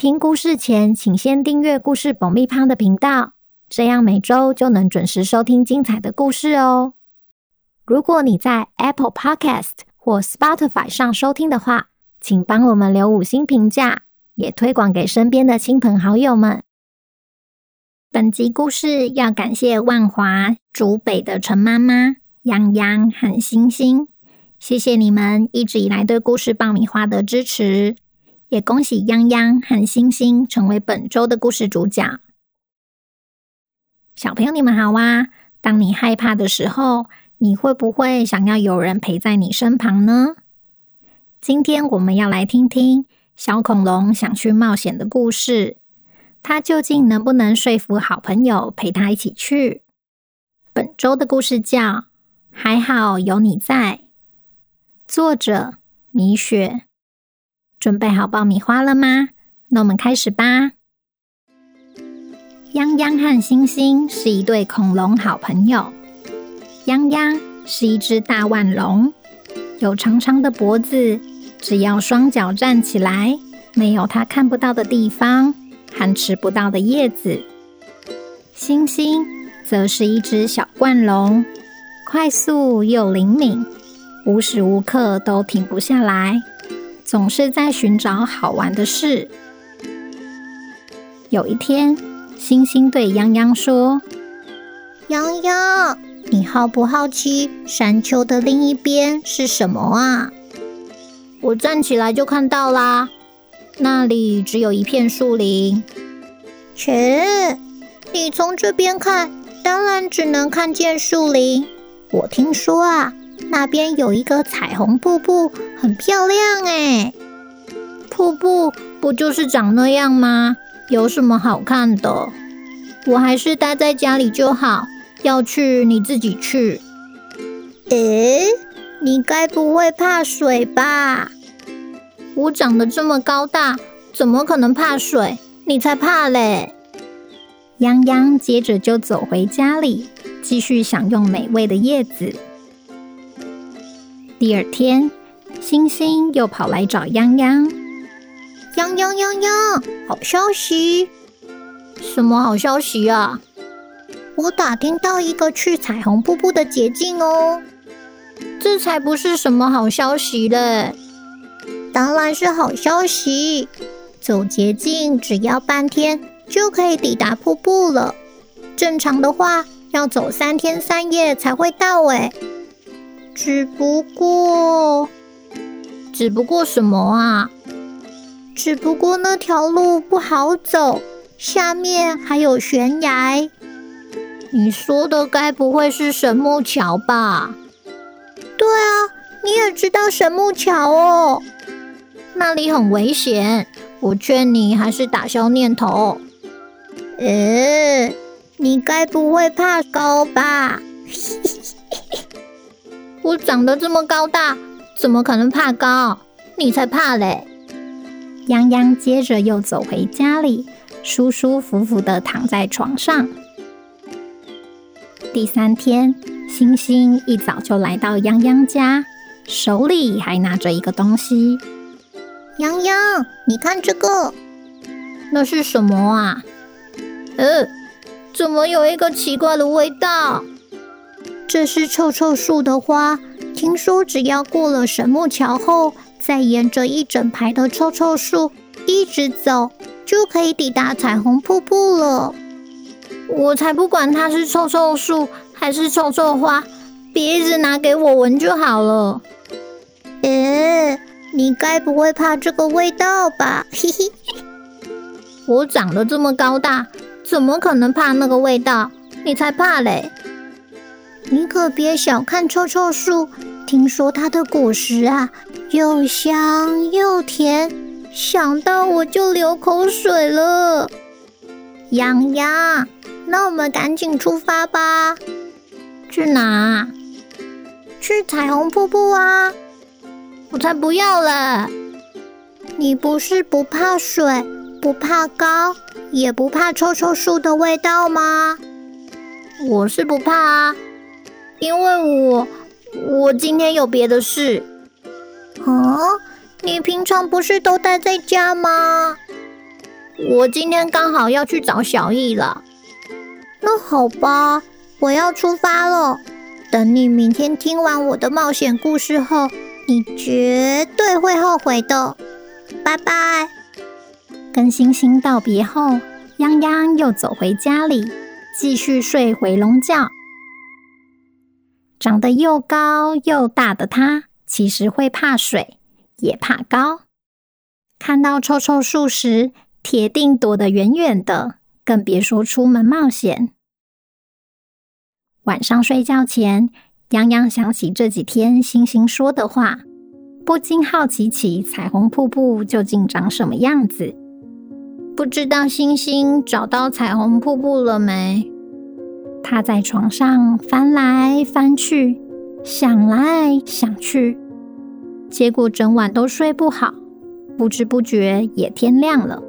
聽故事前，請先訂閱“故事爆米花”的頻道，這樣每周就能準時收聽精彩的故事哦。如果你在 Apple Podcast 或 Spotify 上收聽的話，請幫我們留五星評價，也推廣給身邊的親朋好友們。本集故事要感謝萬華、竹北的陳媽媽、洋洋和星星，謝謝你們一直以來對“故事爆米花”的支持。也恭喜泱泱和星星成為本周的故事主角。小朋友，你們好啊！當你害怕的時候，你會不會想要有人陪在你身旁呢？今天我們要來聽聽小恐龍想去冒險的故事，它究竟能不能說服好朋友陪他一起去？本周的故事叫《還好有你在》，作者米雪。準備好爆米花了嗎？那我們開始吧。泱泱和星星是一對恐龍好朋友。泱泱是一隻大腕龍，有長長的脖子，只要雙腳站起來，沒有它看不到的地方，和吃不到的葉子。星星則是一隻小冠龍，快速又靈敏，無時無刻都停不下來。總是在尋找好玩的事。有一天，星星對洋洋說：“洋洋，你好不好奇山丘的另一邊是什麼啊？”我站起來就看到啦，那裡只有一片樹林。切，你從這邊看，當然只能看見樹林。我聽說啊。那邊有一個彩虹瀑布，很漂亮哎。瀑布不就是長那樣嗎？有什麼好看的？我還是待在家裡就好，要去你自己去。哎，你該不會怕水吧？我長得這麼高大，怎麼可能怕水？你才怕嘞！泱泱接着就走回家裡，繼續享用美味的葉子。第二天，星星又跑來找央央。央央央央，好消息！什麼好消息啊？我打聽到一個去彩虹瀑布的捷徑哦。這才不是什麼好消息嘞！當然是好消息。走捷徑只要半天就可以抵達瀑布了。正常的話要走三天三夜才會到誒。只不過，只不過什麼啊？只不過那條路不好走，下面還有懸崖。你說的該不會是神木橋吧？對啊，你也知道神木橋哦，那裡很危險，我勸你還是打消念頭。呃，你該不會怕高吧？嘿嘿。我長得這麼高大，怎麼可能怕高？你才怕嘞！泱泱接着又走回家裡，舒舒服服的躺在床上。第三天，星星一早就來到泱泱家，手裡還拿着一個東西。泱泱，你看這個，那是什麼啊？嗯，怎麼有一個奇怪的味道？這是臭臭樹的花，聽說只要過了神木橋後，再沿着一整排的臭臭樹一直走，就可以抵達彩虹瀑布了。我才不管它是臭臭樹還是臭臭花，別一直拿給我聞就好了。誒，你該不會怕這個味道吧？嘿嘿，我長得這麼高大，怎麼可能怕那個味道？你才怕嘞！你可別小看臭臭樹，聽說它的果實啊，又香又甜，想到我就流口水了。洋洋，那我們趕緊出發吧。去哪？去彩虹瀑布啊！我才不要嘞。你不是不怕水、不怕高、也不怕臭臭樹的味道嗎？我是不怕啊。因為我我今天有別的事啊。哦？你平常不是都待在家嗎？我今天剛好要去找小易了。那好吧，我要出發了。等你明天聽完我的冒險故事後，你絕對會後悔的。拜拜。跟星星道別後，泱泱又走回家裡，繼續睡回籠覺。長得又高又大的它，其實會怕水，也怕高。看到臭臭樹時，鐵定躲得遠遠的，更別說出門冒險。晚上睡覺前，洋洋想起這幾天星星說的話，不禁好奇起彩虹瀑布究竟長什麼樣子。不知道星星找到彩虹瀑布了沒？他在床上翻來翻去，想來想去，結果整晚都睡不好。不知不覺也天亮了。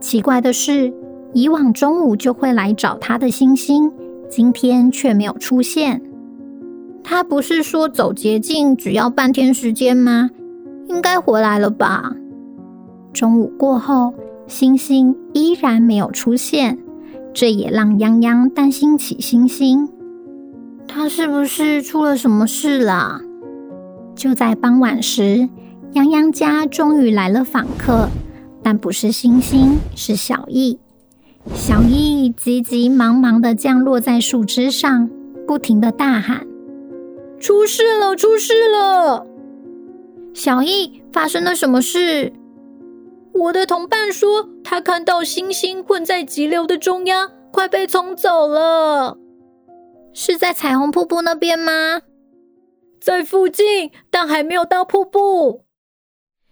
奇怪的是，以往中午就會來找他的星星，今天卻沒有出現。他不是說走捷徑只要半天時間嗎？應該回來了吧？中午過後，星星依然沒有出現。這也讓泱泱擔心起星星，他是不是出了什麼事了？就在傍晚時，泱泱家終於來了訪客，但不是星星，是小易。小易急急忙忙的降落在樹枝上，不停的大喊：“出事了！出事了！”小易發生了什麼事？我的同伴說，他看到星星困在急流的中央，快被沖走了。是在彩虹瀑布那邊嗎？在附近，但還沒有到瀑布。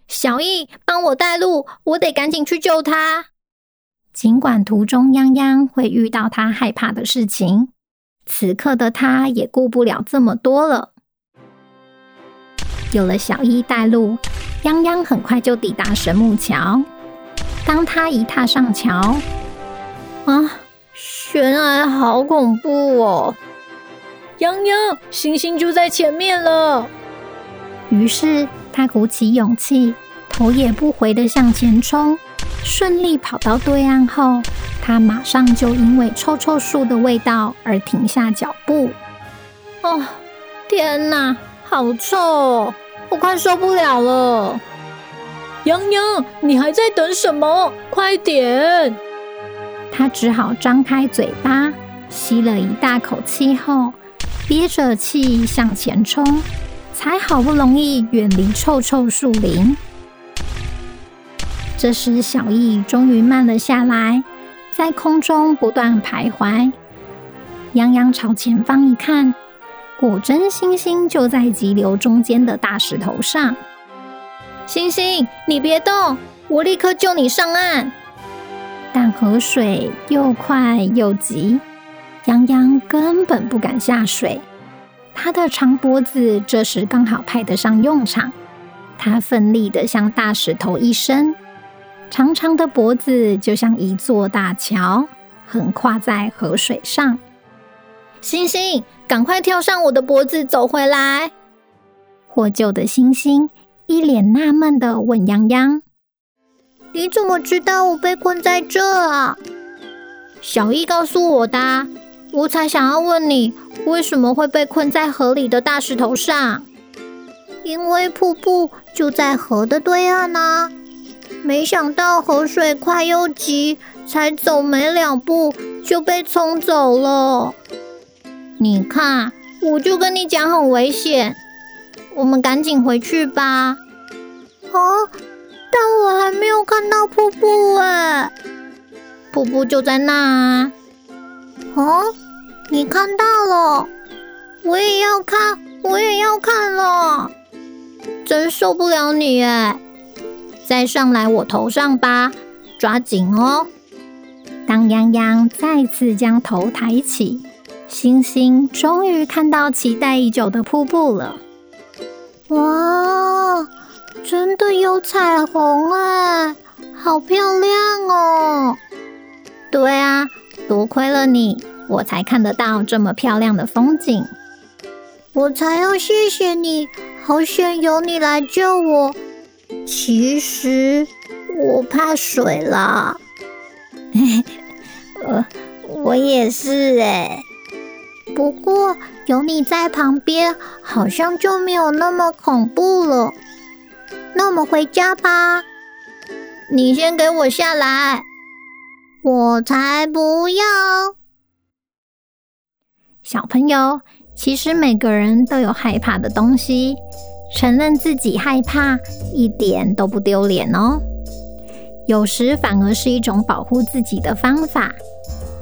小易，幫我帶路，我得趕緊去救他。儘管途中央央會遇到他害怕的事情，此刻的他也顧不了這麼多了。有了小一帶路，泱泱很快就抵達神木橋。當他一踏上橋，啊、哦，懸崖好恐怖哦！泱泱，星星就在前面了。於是他鼓起勇氣，頭也不回的向前衝。順利跑到對岸後，他馬上就因為臭臭樹的味道而停下腳步。哦，天哪，好臭、哦！我快受不了了，洋洋，你還在等什麼？快點！他只好張開嘴巴，吸了一大口氣後，憋着氣向前衝，才好不容易遠離臭臭樹林。這時，小易終於慢了下來，在空中不斷徘徊。洋洋，朝前方一看，果真，星星就在急流中間的大石頭上。星星，你別動，我立刻救你上岸。但河水又快又急，洋洋根本不敢下水。他的長脖子這時剛好派得上用場，他奮力地向大石頭一伸，長長的脖子就像一座大橋，橫跨在河水上。星星，趕快跳上我的脖子走回來。獲救的星星一臉納悶的問：“洋洋，你怎麼知道我被困在這啊？”小易告訴我的，我才想要問你，為什麼會被困在河裡的大石頭上？因為瀑布就在河的對岸啊！沒想到河水快又急，才走沒兩步就被沖走了。你看，我就跟你講很危險，我們趕緊回去吧。啊、哦！但我還沒有看到瀑布哎，瀑布就在那、啊。哦，你看到了，我也要看，我也要看了，真受不了你哎！再上來我頭上吧，抓緊哦。當央央再次將頭抬起。星星終於看到期待已久的瀑布了！哇，真的有彩虹哎，啊，好漂亮哦！對啊，多虧了你，我才看得到這麼漂亮的風景。我才要謝謝你，好險有你來救我。其實我怕水啦， 我我也是哎，欸。不過有你在旁邊，好像就沒有那麼恐怖了。那我們回家吧。你先給我下來，我才不要。小朋友，其實每個人都有害怕的東西，承認自己害怕一點都不丟臉哦。有時反而是一種保護自己的方法。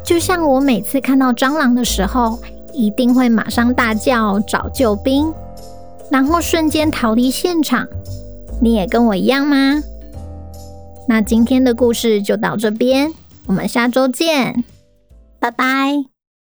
就像我每次看到蟑螂的時候。一定會馬上大叫，找救兵，然後瞬間逃離現場。你也跟我一樣嗎？那今天的故事就到這邊，我們下週見，拜拜。